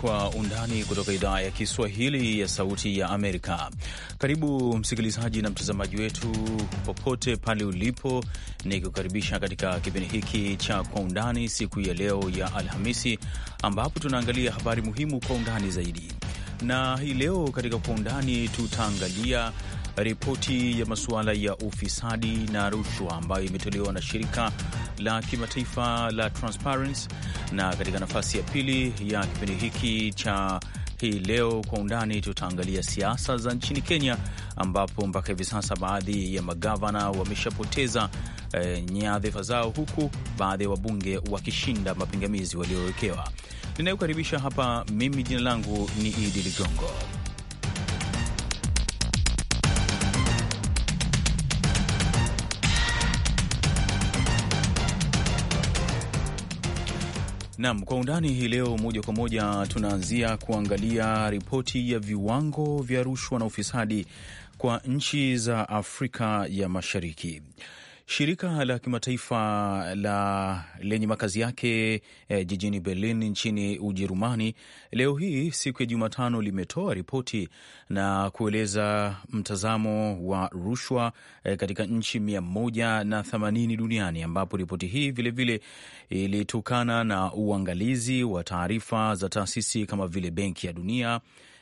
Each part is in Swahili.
Kwa Undani kutoka idhaa ya Kiswahili ya Sauti ya Amerika. Karibu msikilizaji na mtazamaji wetu popote pale ulipo, ni kukaribisha katika kipindi hiki cha Kwa Undani siku ya leo ya Alhamisi, ambapo tunaangalia habari muhimu kwa undani zaidi. Na hii leo katika Kwa Undani tutaangalia ripoti ya masuala ya ufisadi na rushwa ambayo imetolewa na shirika la kimataifa la Transparency. Na katika nafasi ya pili ya kipindi hiki cha hii leo kwa undani, tutaangalia siasa za nchini Kenya ambapo mpaka hivi sasa baadhi ya magavana wameshapoteza e, nyadhifa zao huku baadhi ya wabunge wakishinda mapingamizi waliowekewa. Ninayokaribisha hapa mimi, jina langu ni Idi Ligongo. Nam kwa undani hii leo, moja kwa moja tunaanzia kuangalia ripoti ya viwango vya rushwa na ufisadi kwa nchi za Afrika ya Mashariki. Shirika la kimataifa la lenye makazi yake e, jijini Berlin nchini Ujerumani leo hii siku ya Jumatano limetoa ripoti na kueleza mtazamo wa rushwa e, katika nchi mia moja na themanini duniani ambapo ripoti hii vilevile ilitokana na uangalizi wa taarifa za taasisi kama vile Benki ya Dunia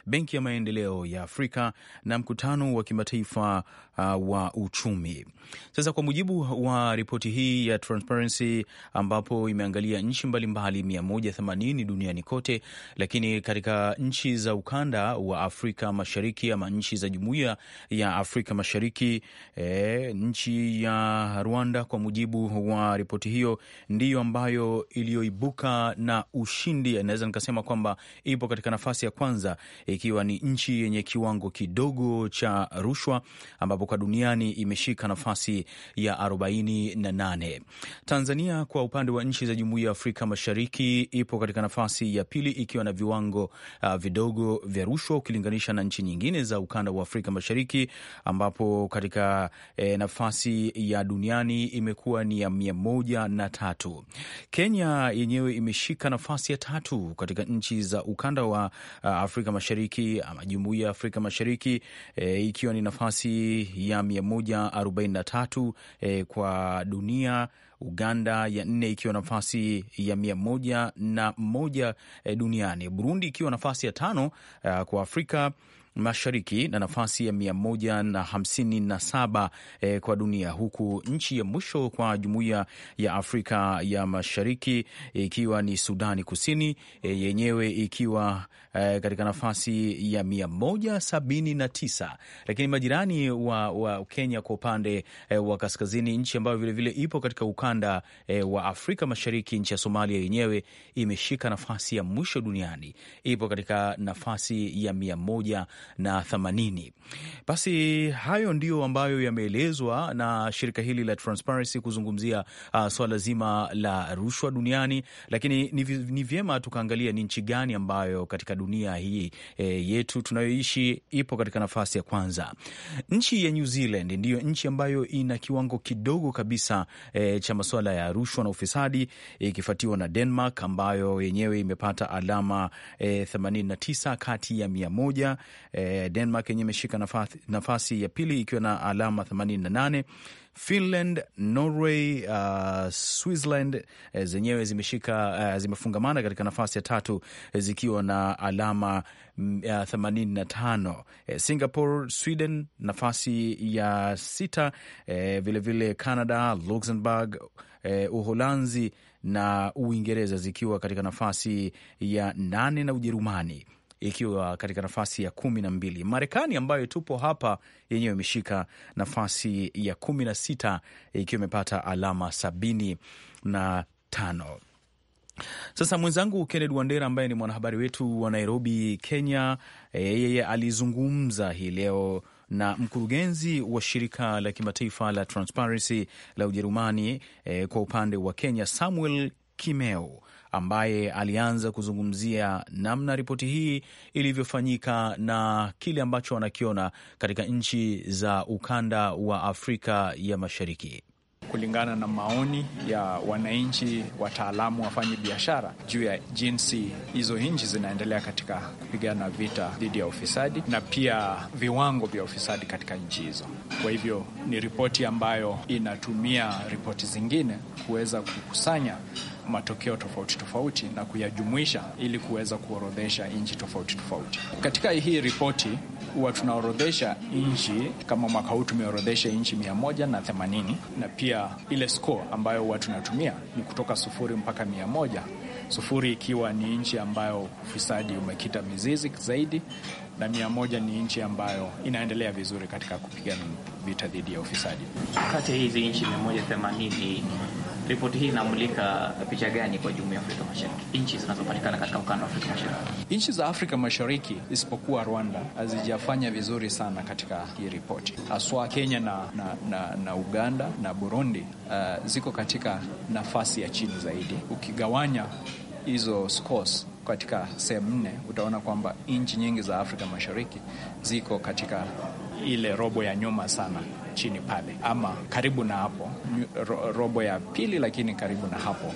Benki ya Maendeleo ya Afrika na mkutano wa kimataifa uh, wa uchumi. Sasa, kwa mujibu wa ripoti hii ya Transparency ambapo imeangalia nchi mbalimbali 180 duniani kote, lakini katika nchi za ukanda wa Afrika Mashariki ama nchi za Jumuiya ya Afrika Mashariki e, nchi ya Rwanda kwa mujibu wa ripoti hiyo ndiyo ambayo iliyoibuka na ushindi, naweza nikasema kwamba ipo katika nafasi ya kwanza e, ikiwa ni nchi yenye kiwango kidogo cha rushwa ambapo kwa duniani imeshika nafasi ya 48. Tanzania kwa upande wa nchi za Jumuiya ya Afrika Mashariki ipo katika nafasi ya pili ikiwa na viwango uh, vidogo vya rushwa ukilinganisha na nchi nyingine za ukanda wa Afrika Mashariki ambapo katika eh, nafasi ya duniani imekuwa ni ya mia moja na tatu. Kenya yenyewe imeshika nafasi ya tatu katika nchi za ukanda wa uh, Afrika Mashariki Mashariki ama Jumuiya ya Afrika Mashariki e, ikiwa ni nafasi ya 143 e, kwa dunia Uganda ya nne ikiwa nafasi ya mia moja na moja e, duniani, Burundi ikiwa nafasi ya tano e, kwa Afrika Mashariki na nafasi ya 157 eh, kwa dunia, huku nchi ya mwisho kwa jumuiya ya Afrika ya Mashariki eh, ikiwa ni Sudani Kusini, eh, yenyewe ikiwa eh, katika nafasi ya 179, lakini majirani wa, wa Kenya kwa upande eh, wa kaskazini, nchi ambayo vilevile ipo katika ukanda eh, wa Afrika Mashariki, nchi ya Somalia yenyewe imeshika nafasi ya mwisho duniani, ipo katika nafasi ya 100 na themanini. Basi hayo ndiyo ambayo yameelezwa na shirika hili la Transparency kuzungumzia uh, swala zima la rushwa duniani, lakini ni vyema tukaangalia ni nchi gani ambayo katika dunia hii e, yetu tunayoishi ipo katika nafasi ya kwanza. Nchi ya New Zealand ndiyo nchi ambayo ina kiwango kidogo kabisa e, cha masuala ya rushwa na ufisadi ikifuatiwa e, na Denmark ambayo yenyewe imepata alama e, 89 kati ya mia e, E, Denmark yenye imeshika nafasi, nafasi ya pili ikiwa na alama 88. Finland, Norway, uh, Switzerland e, zenyewe zimeshika uh, zimefungamana katika nafasi ya tatu zikiwa na alama 85. Mm, Singapore, Sweden nafasi ya sita, vilevile vile Canada, Luxembourg, uh, Uholanzi na Uingereza zikiwa katika nafasi ya nane na Ujerumani ikiwa katika nafasi ya kumi na mbili. Marekani ambayo tupo hapa yenyewe imeshika nafasi ya kumi na sita ikiwa imepata alama sabini na tano. Sasa mwenzangu Kennedy Wandera ambaye ni mwanahabari wetu wa Nairobi, Kenya, yeye alizungumza hii leo na mkurugenzi wa shirika la kimataifa la Transparency la Ujerumani e, kwa upande wa Kenya Samuel Kimeu ambaye alianza kuzungumzia namna ripoti hii ilivyofanyika na kile ambacho anakiona katika nchi za ukanda wa Afrika ya Mashariki. Kulingana na maoni ya wananchi, wataalamu, wafanya biashara juu ya jinsi hizo nchi zinaendelea katika kupigana vita dhidi ya ufisadi na pia viwango vya ufisadi katika nchi hizo. Kwa hivyo ni ripoti ambayo inatumia ripoti zingine kuweza kukusanya matokeo tofauti tofauti na kuyajumuisha ili kuweza kuorodhesha nchi tofauti tofauti. Katika hii ripoti huwa tunaorodhesha nchi, kama mwaka huu tumeorodhesha nchi mia moja na themanini na pia ile score ambayo huwa tunatumia ni kutoka sufuri mpaka mia moja sufuri ikiwa ni nchi ambayo ufisadi umekita mizizi zaidi, na mia moja ni nchi ambayo inaendelea vizuri katika kupigana vita dhidi ya ufisadi. Kati ya hizi nchi mia moja themanini Ripoti hii inamulika picha gani kwa jumuiya ya Afrika Mashariki, nchi zinazopatikana katika ukanda wa Afrika Mashariki? Nchi za Afrika Mashariki isipokuwa Rwanda hazijafanya vizuri sana katika hii ripoti, haswa Kenya na, na, na, na Uganda na Burundi uh, ziko katika nafasi ya chini zaidi. Ukigawanya hizo scores katika sehemu nne, utaona kwamba nchi nyingi za Afrika Mashariki ziko katika ile robo ya nyuma sana chini pale ama karibu na hapo ro, robo ya pili, lakini karibu na hapo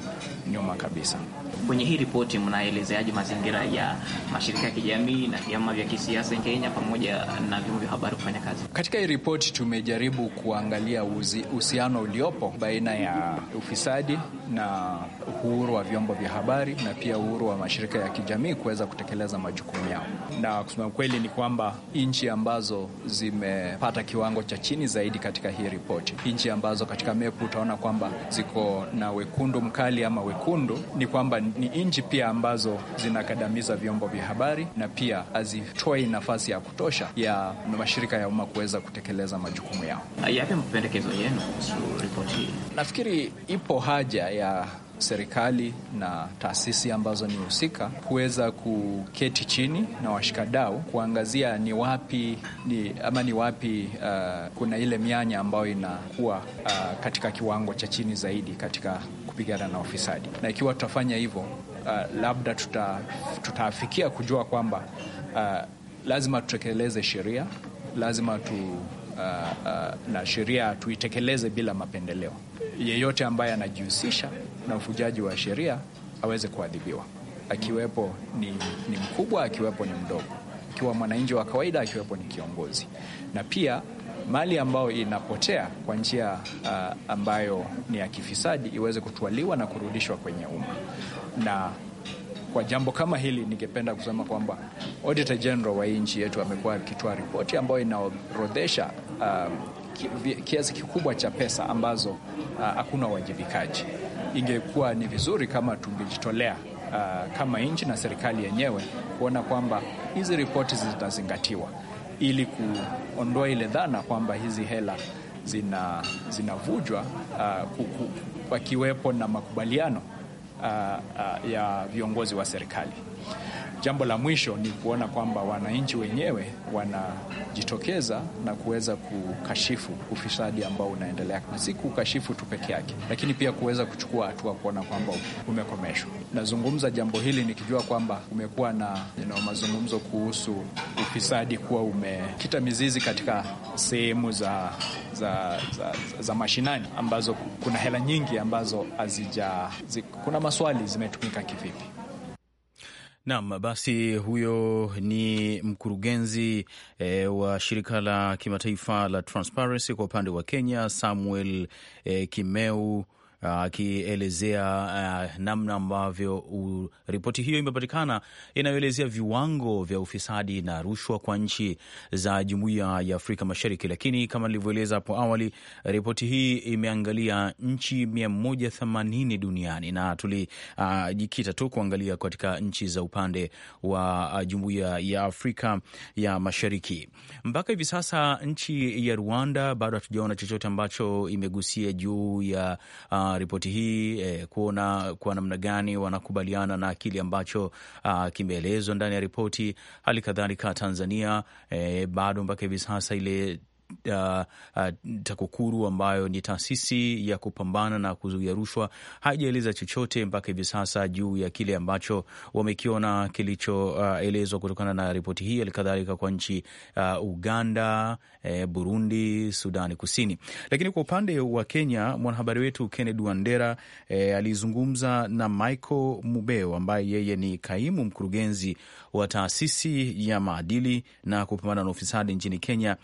nyuma kabisa. Kwenye hii ripoti mnaelezeaje mazingira ya mashirika ya kijamii na vyama vya kisiasa Kenya pamoja na vyombo vya habari kufanya kazi? Katika hii ripoti tumejaribu kuangalia uhusiano uliopo baina ya ufisadi na uhuru wa vyombo vya habari na pia uhuru wa mashirika ya kijamii kuweza kutekeleza majukumu yao, na kusema kweli ni kwamba nchi ambazo zimepata kiwango cha chini zaidi zaidi katika hii ripoti. Nchi ambazo katika mepu utaona kwamba ziko na wekundu mkali ama wekundu, ni kwamba ni nchi pia ambazo zinakadamiza vyombo vya habari na pia hazitoi nafasi ya kutosha ya mashirika ya umma kuweza kutekeleza majukumu yao. Yapi mapendekezo yenu kuhusu ripoti hii? Nafikiri ipo haja ya serikali na taasisi ambazo ni husika kuweza kuketi chini na washikadau kuangazia ni wapi ni, ama ni wapi uh, kuna ile mianya ambayo inakuwa uh, katika kiwango cha chini zaidi katika kupigana na ufisadi, na ikiwa tutafanya hivyo uh, labda tuta, tutaafikia kujua kwamba uh, lazima tutekeleze sheria, lazima tu Uh, uh, na sheria tuitekeleze bila mapendeleo. Yeyote ambaye anajihusisha na ufujaji wa sheria aweze kuadhibiwa, akiwepo ni, ni mkubwa, akiwepo ni mdogo, akiwa mwananchi wa kawaida, akiwepo ni kiongozi. Na pia mali ambayo inapotea kwa njia uh, ambayo ni ya kifisadi iweze kutwaliwa na kurudishwa kwenye umma. Na kwa jambo kama hili, ningependa kusema kwamba Auditor General wa nchi yetu amekuwa akitoa ripoti ambayo inaorodhesha uh, kiasi kikubwa cha pesa ambazo hakuna uh, uwajibikaji ingekuwa ni vizuri kama tungejitolea uh, kama nchi na serikali yenyewe kuona kwamba hizi ripoti zitazingatiwa ili kuondoa ile dhana kwamba hizi hela zinavujwa zina uh, wakiwepo na makubaliano uh, uh, ya viongozi wa serikali. Jambo la mwisho ni kuona kwamba wananchi wenyewe wanajitokeza na kuweza kukashifu ufisadi ambao unaendelea, na si kukashifu tu peke yake, lakini pia kuweza kuchukua hatua kuona kwamba umekomeshwa. Nazungumza jambo hili nikijua kwamba kumekuwa na you know, mazungumzo kuhusu ufisadi kuwa umekita mizizi katika sehemu za, za, za, za, za mashinani ambazo kuna hela nyingi ambazo hazija, kuna maswali zimetumika kivipi? Naam, basi huyo ni mkurugenzi e, wa shirika la kimataifa la Transparency kwa upande wa Kenya, Samuel e, Kimeu Uh, akielezea uh, uh, namna ambavyo uh, ripoti hiyo imepatikana inayoelezea viwango vya ufisadi na rushwa kwa nchi za jumuiya ya Afrika Mashariki. Lakini kama nilivyoeleza hapo awali, ripoti hii imeangalia nchi 180 duniani na tulijikita uh, tu kuangalia katika nchi za upande wa uh, jumuiya ya Afrika ya Mashariki. Mpaka hivi sasa nchi ya Rwanda bado hatujaona chochote ambacho imegusia juu ya uh, ripoti hii eh, kuona kwa namna gani wanakubaliana na kile ambacho uh, kimeelezwa ndani ya ripoti. Hali kadhalika Tanzania eh, bado mpaka hivi sasa ile uh, uh, TAKUKURU ambayo ni taasisi ya kupambana na kuzuia rushwa haijaeleza chochote mpaka hivi sasa juu ya kile ambacho wamekiona kilichoelezwa uh, kutokana na ripoti hii, halikadhalika kwa nchi uh, Uganda, eh, Burundi, Sudani Kusini. Lakini kwa upande wa Kenya, mwanahabari wetu Kennedy Wandera eh, alizungumza na Michael Mubeo ambaye yeye ni kaimu mkurugenzi wa taasisi ya maadili na kupambana na ufisadi nchini Kenya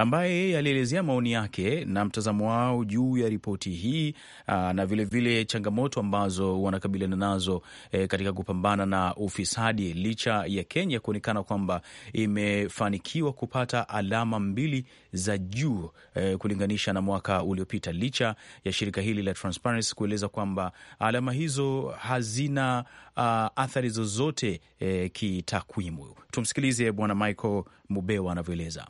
ambaye yeye alielezea maoni yake na mtazamo wao juu ya ripoti hii aa, ah, na vilevile vile changamoto ambazo wanakabiliana nazo e, katika kupambana na ufisadi licha ya Kenya kuonekana kwamba imefanikiwa kupata alama mbili za juu e, kulinganisha na mwaka uliopita licha ya shirika hili la Transparency kueleza kwamba alama hizo hazina uh, athari zozote e, kitakwimu. Tumsikilize Bwana Michael Mubewa anavyoeleza.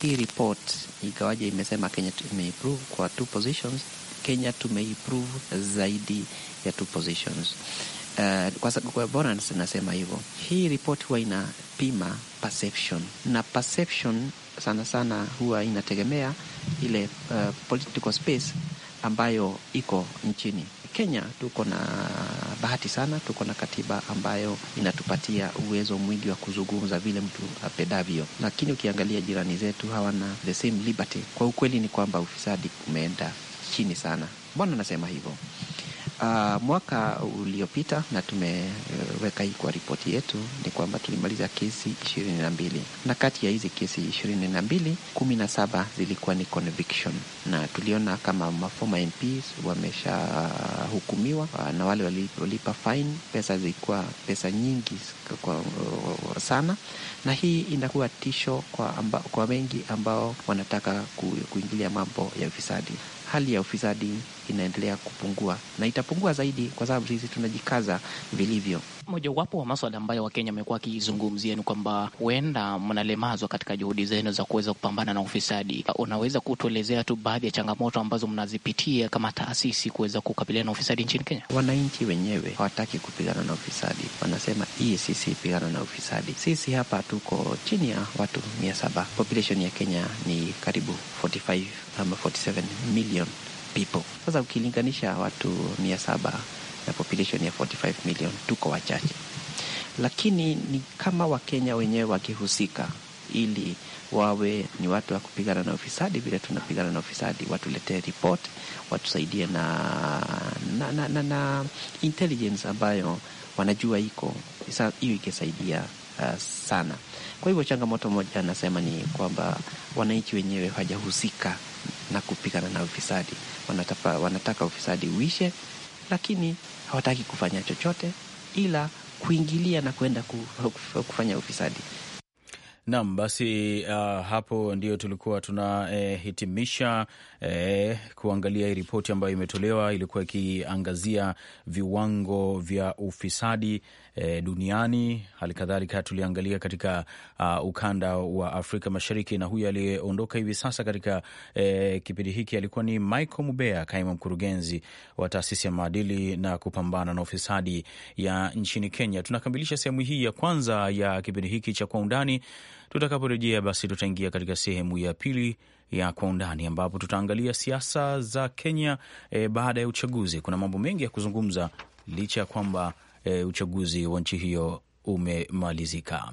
Hii report ikawaje imesema Kenya imeimprove kwa two positions. Kenya tumeimprove zaidi ya two positions. Uh, kwa sababu nasema hivyo, hii report huwa inapima perception na perception sana sana huwa inategemea ile uh, political space ambayo iko nchini. Kenya tuko na bahati sana, tuko na katiba ambayo inatupatia uwezo mwingi wa kuzungumza vile mtu apendavyo, lakini ukiangalia jirani zetu hawana the same liberty. Kwa ukweli ni kwamba ufisadi umeenda chini sana. Mbona nasema hivyo? Uh, mwaka uliopita na tumeweka hii kwa ripoti yetu ni kwamba tulimaliza kesi ishirini na mbili na kati ya hizi kesi ishirini na mbili kumi na saba zilikuwa ni conviction, na tuliona kama mafoma MPs wameshahukumiwa uh, na wale walipa fine, pesa zilikuwa pesa nyingi kwa, uh, sana, na hii inakuwa tisho kwa, amba, kwa wengi ambao wanataka kuingilia mambo ya ufisadi. Hali ya ufisadi inaendelea kupungua na itapungua zaidi, kwa sababu sisi tunajikaza vilivyo. Mojawapo wa maswala ambayo Wakenya wamekuwa wakizungumzia ni kwamba huenda mnalemazwa katika juhudi zenu za kuweza kupambana na ufisadi. Unaweza kutuelezea tu baadhi ya changamoto ambazo mnazipitia kama taasisi kuweza kukabiliana na ufisadi nchini Kenya? Wananchi wenyewe hawataki kupigana na ufisadi, wanasema hii sisi pigana na ufisadi. Sisi hapa tuko chini ya watu mia saba. Population ya Kenya ni karibu 45 ama 47 million people. Sasa ukilinganisha watu mia saba na population ya 45 million, tuko wachache, lakini ni kama Wakenya wenyewe wakihusika ili wawe ni watu wa kupigana na ufisadi vile tunapigana na ufisadi, watuletee report, watusaidie na, na, na, na, na intelligence ambayo wanajua iko hiyo, ikisaidia uh, sana. Kwa hivyo changamoto moja anasema ni kwamba wananchi wenyewe hawajahusika na kupigana na ufisadi. Wanataka, wanataka ufisadi uishe, lakini hawataki kufanya chochote ila kuingilia na kwenda kufanya ufisadi. Naam, basi uh, hapo ndio tulikuwa tunahitimisha eh, eh, kuangalia ripoti ambayo imetolewa, ilikuwa ikiangazia viwango vya ufisadi eh, duniani. Hali kadhalika tuliangalia katika uh, ukanda wa Afrika Mashariki, na huyu aliyeondoka hivi sasa katika eh, kipindi hiki alikuwa ni Michael Mubea, kaimu mkurugenzi wa taasisi ya maadili na kupambana na ufisadi ya nchini Kenya. Tunakamilisha sehemu hii ya kwanza ya kipindi hiki cha Kwa Undani. Tutakaporejea basi, tutaingia katika sehemu ya pili ya Kwa Undani ambapo tutaangalia siasa za Kenya e, baada ya uchaguzi. Kuna mambo mengi ya kuzungumza licha ya kwamba e, uchaguzi wa nchi hiyo umemalizika.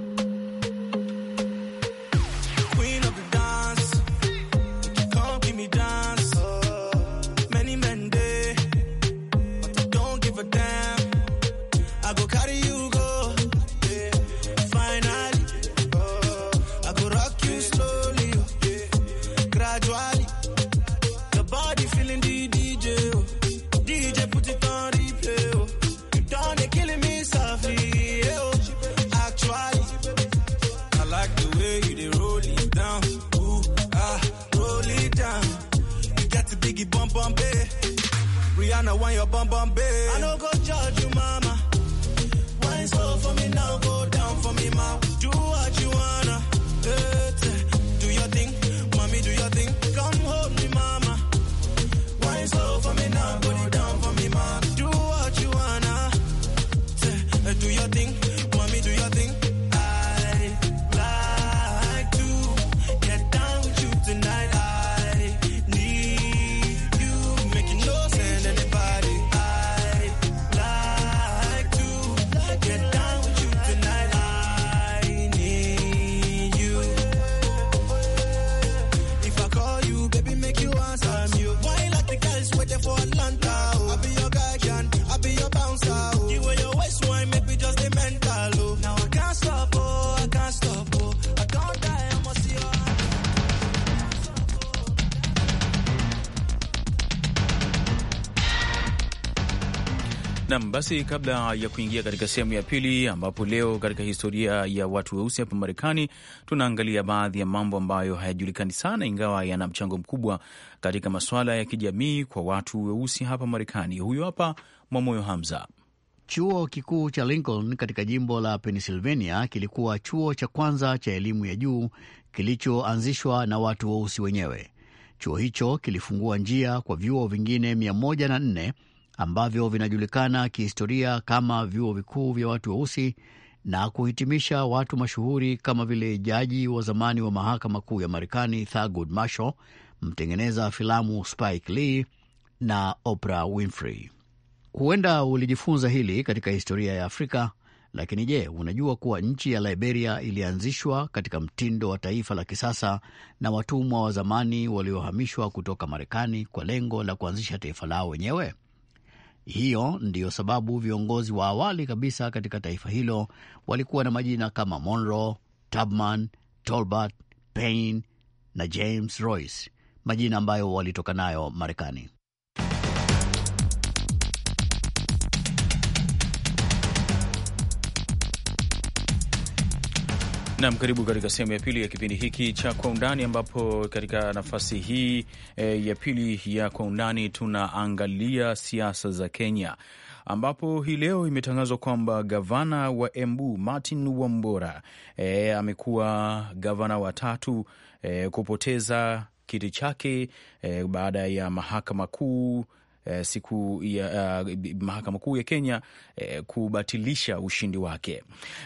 bum babe. Rihanna, why your bum bum bay. I don't go judge you, mama. Wine slow for me now, go down for me, ma. Do what you wanna. do your thing, mommy, do your thing. Come hold me, mama. Wine slow for me now, go down. Nam, basi kabla ya kuingia katika sehemu ya pili, ambapo leo katika historia ya watu weusi hapa Marekani tunaangalia baadhi ya mambo ambayo hayajulikani sana, ingawa yana mchango mkubwa katika masuala ya kijamii kwa watu weusi hapa Marekani. Huyu hapa Mwamoyo Hamza. Chuo kikuu cha Lincoln katika jimbo la Pennsylvania kilikuwa chuo cha kwanza cha elimu ya juu kilichoanzishwa na watu weusi wenyewe. Chuo hicho kilifungua njia kwa vyuo vingine 104 ambavyo vinajulikana kihistoria kama vyuo vikuu vya watu weusi na kuhitimisha watu mashuhuri kama vile jaji wa zamani wa mahakama kuu ya Marekani Thurgood Marshall, mtengeneza filamu Spike Lee na Oprah Winfrey. Huenda ulijifunza hili katika historia ya Afrika, lakini je, unajua kuwa nchi ya Liberia ilianzishwa katika mtindo wa taifa la kisasa na watumwa wa zamani waliohamishwa kutoka Marekani kwa lengo la kuanzisha taifa lao wenyewe? Hiyo ndiyo sababu viongozi wa awali kabisa katika taifa hilo walikuwa na majina kama Monroe, Tubman, Tolbert, Paine na James Royce, majina ambayo walitoka nayo Marekani. Nam, karibu katika sehemu ya pili ya kipindi hiki cha Kwa Undani, ambapo katika nafasi hii e, ya pili ya Kwa Undani tunaangalia siasa za Kenya, ambapo hii leo imetangazwa kwamba gavana wa Embu Martin Wambora e, amekuwa gavana wa tatu e, kupoteza kiti chake e, baada ya mahakama kuu eh, siku ya eh, mahakama kuu ya Kenya eh, kubatilisha ushindi wake.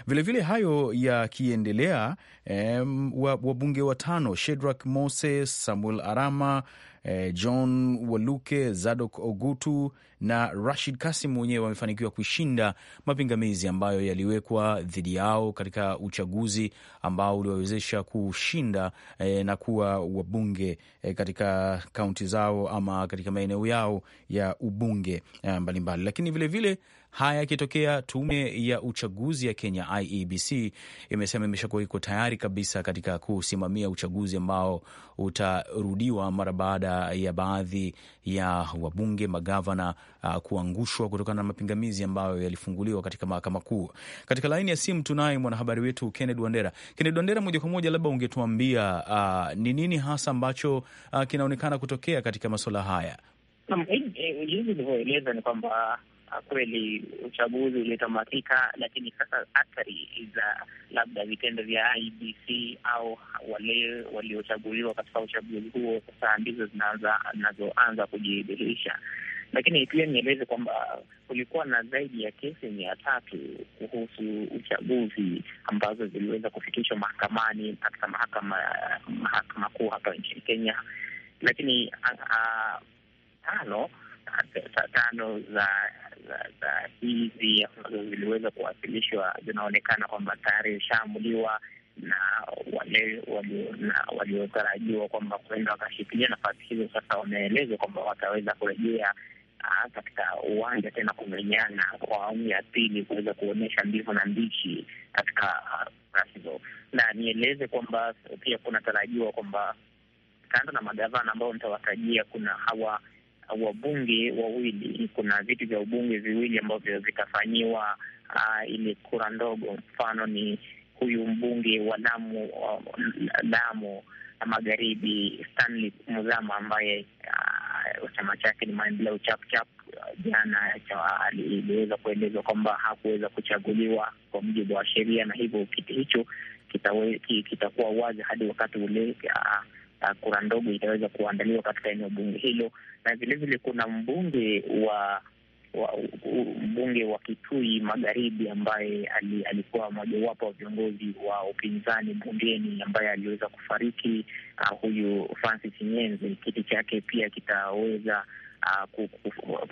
Vilevile vile hayo yakiendelea, eh, wabunge watano Shedrack Moses, Samuel Arama eh, John Waluke, Zadok Ogutu na Rashid Kasim mwenyewe wamefanikiwa kushinda mapingamizi ambayo yaliwekwa dhidi yao katika uchaguzi ambao uliwawezesha kushinda eh, na kuwa wabunge eh, katika kaunti zao ama katika maeneo yao ya ubunge eh, mbalimbali eh, Lakini vilevile vile, Haya yakitokea, tume ya uchaguzi ya Kenya IEBC imesema imeshakuwa iko tayari kabisa katika kusimamia uchaguzi ambao utarudiwa mara baada ya baadhi ya wabunge, magavana uh, kuangushwa kutokana na mapingamizi ambayo yalifunguliwa katika mahakama kuu. Katika laini ya simu tunaye mwanahabari wetu Kenneth Wandera. Kenneth Wandera, moja kwa moja, labda ungetuambia uh, ni uh, nini hasa ambacho uh, kinaonekana kutokea katika masuala haya? Eh, eh, Jinsi ilivyoeleza ni kwamba Ah, kweli uchaguzi ulitamatika, lakini sasa athari za labda vitendo vya IBC au wale waliochaguliwa katika uchaguzi huo sasa ndizo zinazoanza kujidhihirisha. Lakini pia nieleze kwamba kulikuwa na zaidi ya kesi mia tatu kuhusu uchaguzi ambazo ziliweza kufikishwa mahakamani katika mahakama mahakama kuu hapa nchini Kenya, lakini ah, ah, tano uh, tano za za, za hizi ambazo ziliweza kuwasilishwa zinaonekana kwamba tayari ishaamuliwa na wale waliotarajiwa kwamba kuenda wakashikilia nafasi hizo, sasa wameelezwa kwamba wataweza kurejea ah, katika uwanja tena kumenyana kwa awamu ya pili kuweza kuonyesha mbivu na mbichi katika ah, hizo. Na nieleze kwamba pia kunatarajiwa kwamba kando na magavana ambao nitawatajia, kuna hawa wabunge wawili, kuna viti vya ubunge viwili ambavyo vitafanyiwa uh, ah, ili kura ndogo. Mfano ni huyu mbunge wa Lamu uh, Lamu Magharibi Stanley Muzama ambaye uh, chama chake ni Maendeleo Chapchap jana iliweza kuelezwa kwamba hakuweza kuchaguliwa kwa mujibu wa sheria, na hivyo kiti hicho kitakuwa kita wazi hadi wakati ule uh, uh, kura ndogo itaweza kuandaliwa katika eneo bunge hilo, na vilevile kuna mbunge wa wa, mbunge wa Kitui Magharibi ambaye ali, alikuwa mojawapo wa viongozi wa upinzani bungeni ambaye aliweza kufariki. Uh, huyu Francis Nyenze, kiti chake pia kitaweza uh, uh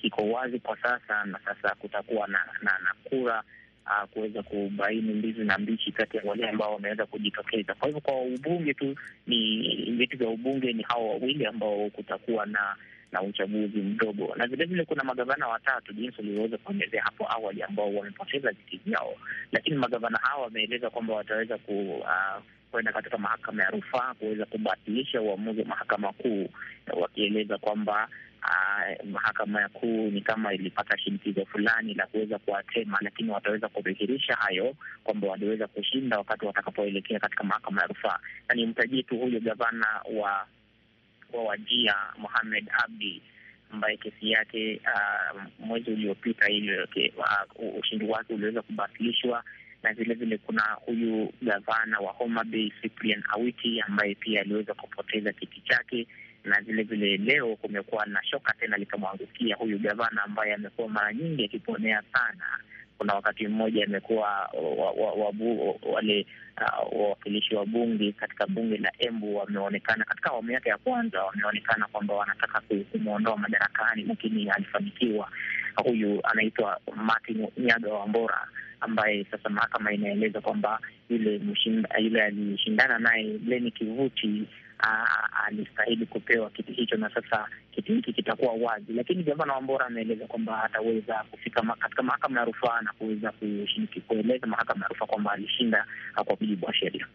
kiko wazi kwa sasa, na sasa kutakuwa na, na, na kura uh, kuweza kubaini mbizi na mbichi kati ya wale ambao wameweza kujitokeza. Kwa hivyo kwa ubunge tu ni viti vya ubunge ni hao wawili ambao kutakuwa na na uchaguzi mdogo, na vilevile kuna magavana watatu, jinsi ulivyoweza kuelezea hapo awali, ambao wamepoteza viti vyao, lakini magavana hawa wameeleza kwamba wataweza ku uh, kwenda katika mahakama ya rufaa kuweza kubatilisha uamuzi wa mahakama kuu, wakieleza kwamba Ah, mahakama ya kuu ni kama ilipata shinikizo fulani la kuweza kuwatema, lakini wataweza kudhihirisha hayo kwamba waliweza kushinda wakati watakapoelekea katika mahakama ya rufaa. Na ni mtaji tu huyo gavana wa wa Wajia Mohamed Abdi ambaye kesi yake uh, mwezi uliopita ile uh, ushindi wake uliweza kubatilishwa na vile vile kuna huyu gavana wa Homa Bay Cyprian Awiti ambaye pia aliweza kupoteza kiti chake na vilevile leo kumekuwa na shoka tena likamwangukia huyu gavana ambaye amekuwa mara nyingi akiponea sana. Kuna wakati mmoja amekuwa wale uh, wawakilishi wa bunge katika bunge la Embu wameonekana katika awamu yake ya kwanza, wameonekana kwamba wanataka kumwondoa madarakani, lakini alifanikiwa. Huyu anaitwa Martin Nyaga Wambora ambaye sasa mahakama inaeleza kwamba yule yule alishindana naye Leni Kivuti alistahili kupewa kiti hicho, na sasa kiti hiki kitakuwa wazi. Lakini gavana Wambora ameeleza kwamba ataweza kufika katika mahakama ya rufaa na kuweza kueleza mahakama ya rufaa kwamba alishinda kwa mujibu wa sheria.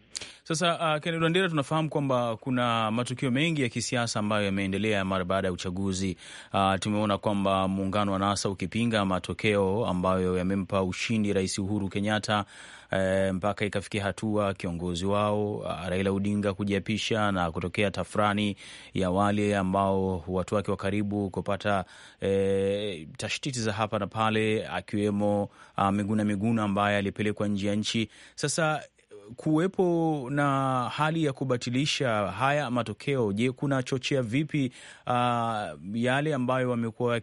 Sasa uh, Kennedy Wandera, tunafahamu kwamba kuna matukio mengi ya kisiasa ambayo yameendelea mara baada ya uchaguzi. Uh, tumeona kwamba muungano wa NASA ukipinga matokeo ambayo yamempa ushindi Rais Uhuru Kenyatta e, mpaka ikafikia hatua kiongozi wao ah, Raila Odinga kujiapisha na kutokea tafrani ya wale ambao watu wake wa karibu kupata e, tashtiti za hapa na pale, akiwemo ah, Miguna Miguna ambaye alipelekwa nje ya nchi. Sasa kuwepo na hali ya kubatilisha haya matokeo, je, kunachochea vipi uh, yale ambayo wamekuwa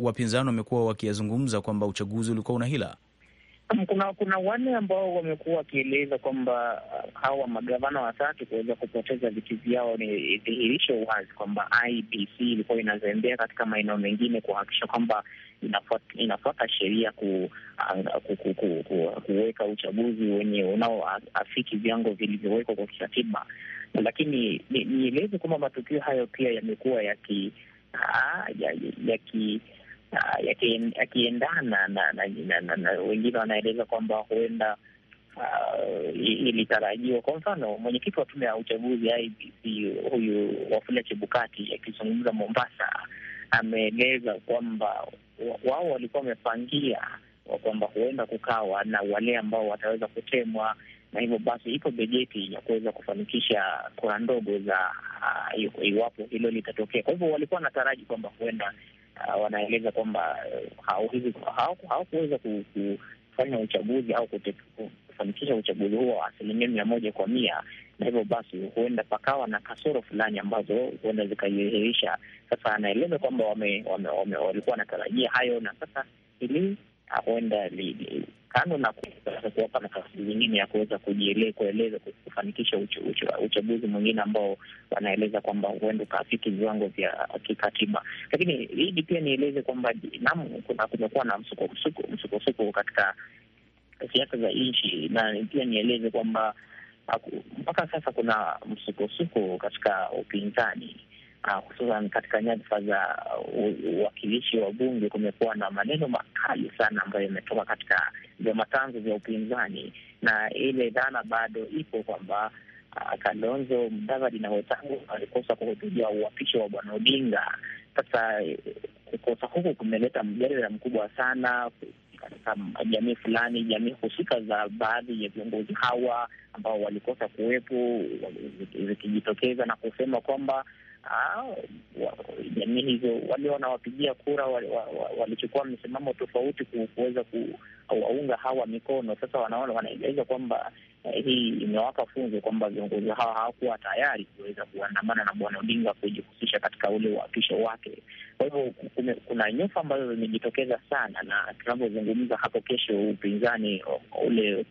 wapinzani wamekuwa wakiyazungumza kwamba uchaguzi ulikuwa una hila? Kuna kuna wale ambao wamekuwa wakieleza kwamba uh, hawa magavana watatu kuweza kupoteza viti vyao ni dhihirisho wazi kwamba IBC ilikuwa inazembea katika maeneo mengine kuhakikisha kwamba inafuata sheria ku, uh, ku, ku, ku, ku, kuweka uchaguzi wenye unaoafiki viwango vilivyowekwa kwa kikatiba. Lakini nieleze ni kwamba matukio hayo pia yamekuwa yaki, uh, ya, yakiendana na, na, na, na, na wengine wanaeleza kwamba huenda Uh, ilitarajiwa. Kwa mfano, mwenyekiti wa tume ya uchaguzi IEBC huyu Wafula Chebukati akizungumza Mombasa, ameeleza kwamba wao walikuwa wamepangia kwamba huenda kukawa na wale ambao wataweza kutemwa, na hivyo basi ipo bajeti ya kuweza kufanikisha kura ndogo za uh, iwapo hilo litatokea. Kwa hivyo walikuwa wanataraji kwamba huenda Ah, wanaeleza kwamba eh, hawakuweza kufanya uchaguzi au kufanikisha uchaguzi huo asilimia mia moja kwa mia, na hivyo basi huenda pakawa na kasoro fulani ambazo huenda zikairehirisha. Sasa anaeleza kwamba walikuwa wanatarajia hayo na sasa hili huenda kando na kuwapa nafasi zingine ya kuweza kueleza kufanikisha uchaguzi mwingine ambao wanaeleza kwamba huenda ukaafiki viwango vya kikatiba. Lakini hili pia nieleze kwamba kumekuwa na msukosuko katika siasa za nchi, na pia nieleze kwamba mpaka sasa kuna msukosuko katika upinzani hususan katika nyadhifa za uh, uwakilishi wa bunge, kumekuwa na maneno makali sana ambayo yametoka katika vyama tanzu vya upinzani, na ile dhana bado ipo kwamba uh, Kalonzo Mdavadi na Wetangu walikosa kuhudhuria uwapisho wa bwana Odinga. Sasa uh, kukosa huku kumeleta mjadala mkubwa sana katika jamii fulani, jamii husika za baadhi ya viongozi hawa ambao walikosa kuwepo, zikijitokeza na kusema kwamba Ah, jamii hizo wale wanawapigia kura walichukua wali msimamo tofauti kuweza kuwaunga hawa mikono. Sasa wanaona wanaeleza kwamba eh, hii imewapa funzo kwamba viongozi hawa hawakuwa tayari kuweza kuandamana na bwana Odinga kujihusisha katika ule uapisho wake. Kwa hivyo kuna nyufa ambazo zimejitokeza sana, na tunavyozungumza hapo, kesho upinzani ule,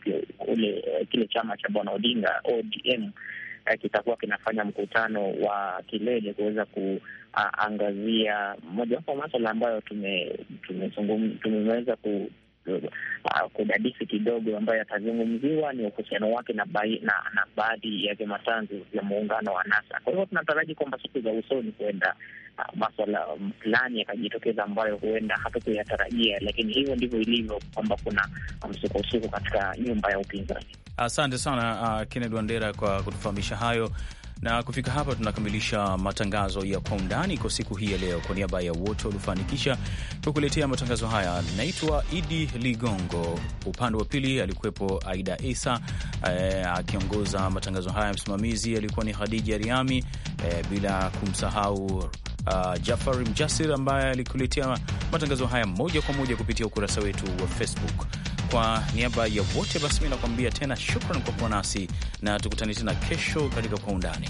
ule kile chama cha bwana Odinga ODM eh, kitakuwa kinafanya mkutano wa kilele kuweza kuangazia mojawapo maswala ambayo tumeweza tume, tume, tume, tume, tume, tume, tume, tume, tume, uh, kudadisi kidogo, ambayo yatazungumziwa ni uhusiano wake na, na, na baadhi ya vyama tanzu vya muungano wa NASA. Kwa hivyo tunataraji kwamba siku za usoni huenda uh, maswala um, fulani yakajitokeza ambayo huenda hatukuyatarajia, lakini hivyo ndivyo ilivyo kwamba kuna msukosuko um, katika nyumba ya upinzani. Asante sana uh, Kennedy Wandera kwa kutufahamisha hayo. Na kufika hapa tunakamilisha matangazo ya kwa undani kwa siku hii ya leo. Kwa niaba ya wote waliofanikisha kukuletea matangazo haya, naitwa Idi Ligongo, upande wa pili alikuwepo Aida Isa eh, akiongoza matangazo haya. Msimamizi alikuwa ni Khadija Riami, eh, bila kumsahau Uh, ah, Jafar Mjasir ambaye alikuletea matangazo haya moja kwa moja kupitia ukurasa wetu wa Facebook. Kwa niaba ya wote basi, mi nakuambia tena shukran kwa kuwa nasi na tukutane tena kesho katika Kwa Undani.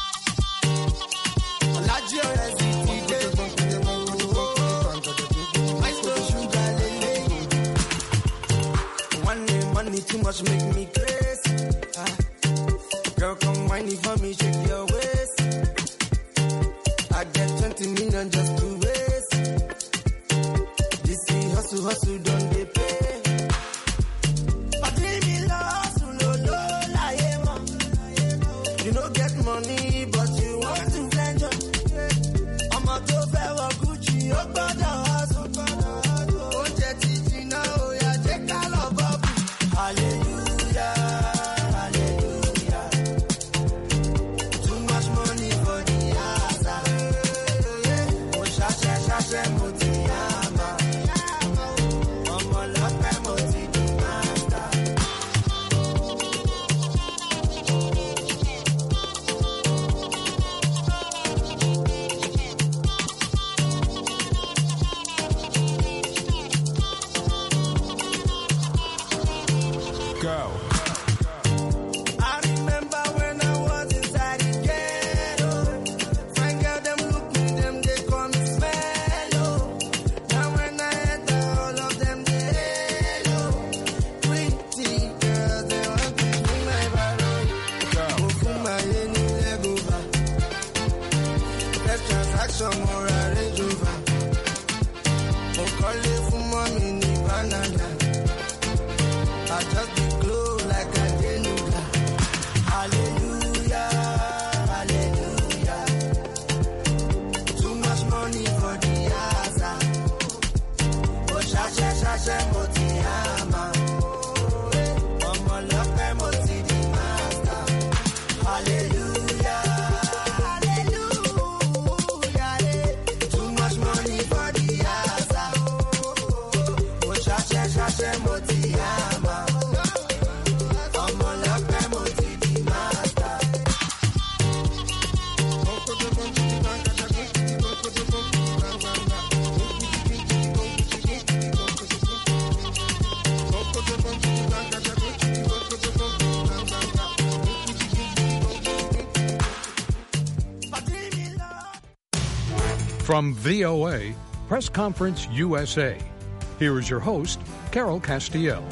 too much make me crazy. Ah. Girl, come whining for me, shake your waist. I get 20 million just to waste. This is hustle, hustle, don't get paid. From VOA, Press Conference USA, here is your host, Carol Castiel.